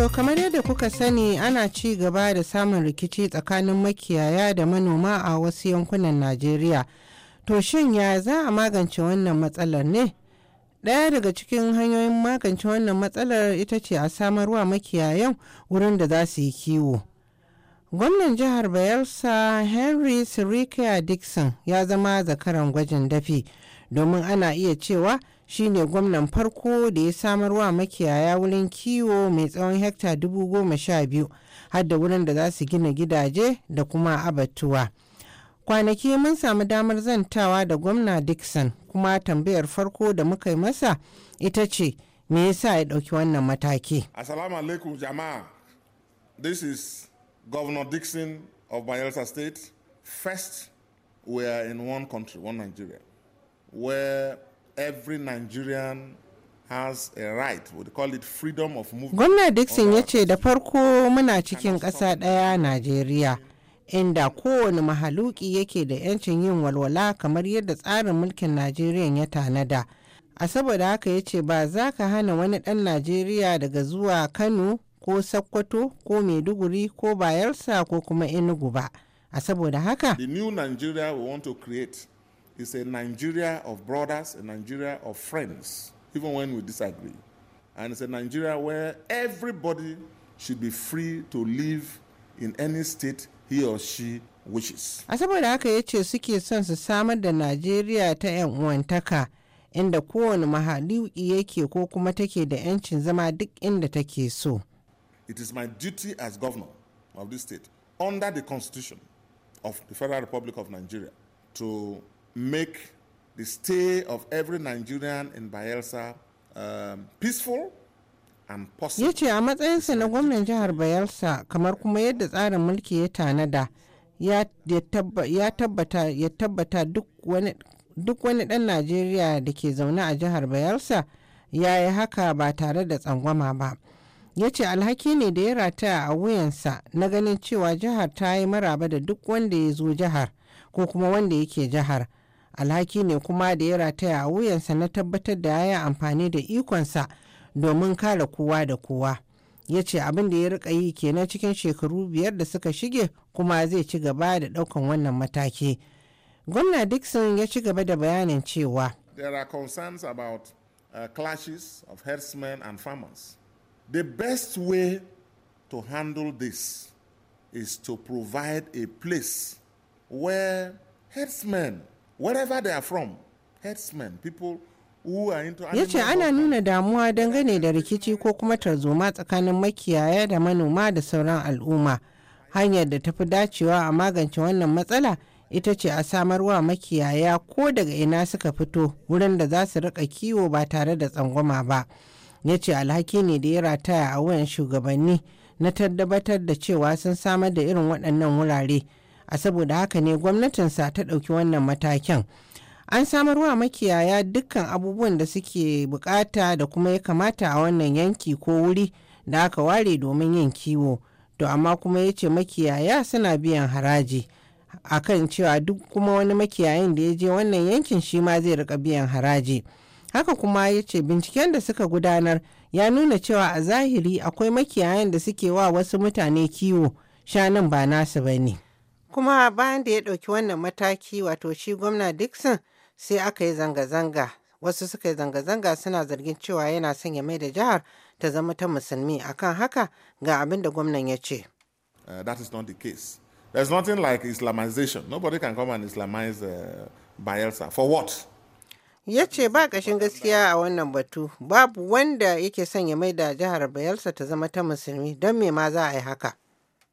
To kamar yadda kuka sani ana ci gaba da samun rikici tsakanin makiyaya da manoma a wasu yankunan Najeriya. To shin ya za a magance wannan matsalar ne? Ɗaya daga cikin hanyoyin magance wannan matsalar ita ce a samarwa makiyayan wurin da za su yi kiwo. Gwamnan jihar Bayelsa Henry Sirikia Dixon ya zama zakaran gwajin dafi domin ana iya cewa shine gwamnan farko da ya samar wa makiyaya wurin kiwo mai tsawon hekta dubu goma sha biyu har da wurin da za su gina gidaje da kuma abatuwa kwanaki mun samu damar zantawa da gwamna dixon kuma tambayar farko da muka yi masa ita ce me yasa ya ɗauki wannan mataki assalamu alaikum jama'a this is governor dixon of bayelsa state first we are in one country one nigeria where every Nigerian has a right we call it freedom of movement gwamna dixon ya ce da farko muna cikin ƙasa ɗaya najeriya inda kowane mahaluki yake da 'yancin yin walwala kamar yadda tsarin mulkin najeriya ya tanada a saboda haka ya ce ba za ka hana wani ɗan najeriya daga zuwa kano ko sokoto ko maiduguri ko bayelsa ko kuma enugu ba a saboda haka the new nigeria we want to create is a Nigeria of brothers, a Nigeria of friends, even when we disagree. And it's a Nigeria where everybody should be free to live in any state he or she wishes. A saboda haka ya ce suke son su samar da Najeriya ta 'yan uwantaka inda kowane mahaluki yake ko kuma take da 'yancin zama duk inda take so. It is my duty as governor of this state under the constitution of the Federal Republic of Nigeria to make the stay of every Nigerian in Bayelsa um, peaceful ya ce a matsayinsa na gwamnan jihar bayelsa kamar kuma yadda tsarin mulki ya tanada ya tabbata ya tabbata duk wani ɗan najeriya da ke zaune a jihar bayelsa ya yi haka ba tare da tsangwama ba ya ce alhaki ne da ya rataya a wuyansa na ganin cewa jihar ta yi maraba da duk wanda ya zo jihar ko kuma wanda yake jihar alhaki ne kuma da ya rataya a wuyansa na tabbatar da ya amfani da ikonsa domin kare kowa da kowa ya ce abin da ya rika yi kenan cikin shekaru biyar da suka shige kuma zai ci gaba da daukan wannan mataki gwamna dixon ya ci gaba da bayanin cewa there concerns about uh, of herdsmen and farmers the best way to handle this is to provide a place where herdsmen wherever they are from herdsmen people ya ce ana nuna damuwa dangane da rikici ko kuma tarzoma tsakanin makiyaya da manoma da sauran al'umma hanyar da tafi dacewa a magance wannan matsala ita ce a samarwa makiyaya ko daga ina suka fito wurin da za su rika kiwo ba tare da tsangwama ba ya ce alhaki ne da ya rataya a wayan shugabanni na tabbatar da cewa sun samar da irin waɗannan wurare a saboda haka ne gwamnatinsa ta ɗauki wannan matakin an samar wa makiyaya dukkan abubuwan da suke bukata da kuma ya kamata a wannan yanki ko wuri da aka ware domin yin kiwo to amma kuma ya ce makiyaya suna biyan haraji akan cewa duk kuma wani makiyayin da ya je wannan yankin shi ma zai rika biyan haraji haka kuma ya ce binciken da suka gudanar ya nuna cewa a zahiri akwai makiyayan da suke wa wasu mutane kiwo shanun ba nasu ba ne. Kuma bayan da ya ɗauki wannan mataki wato shi gwamna Dixon sai aka yi zanga-zanga. Wasu suka yi zanga-zanga suna zargin cewa yana son ya mai da jihar ta zama ta musulmi akan haka ga abin da gwamnan ya ce. Eh, that is ya ce ba ƙashin gaskiya a wannan batu babu wanda yake son ya mai da jihar bayelsa ta zama ta musulmi don me ma za a yi haka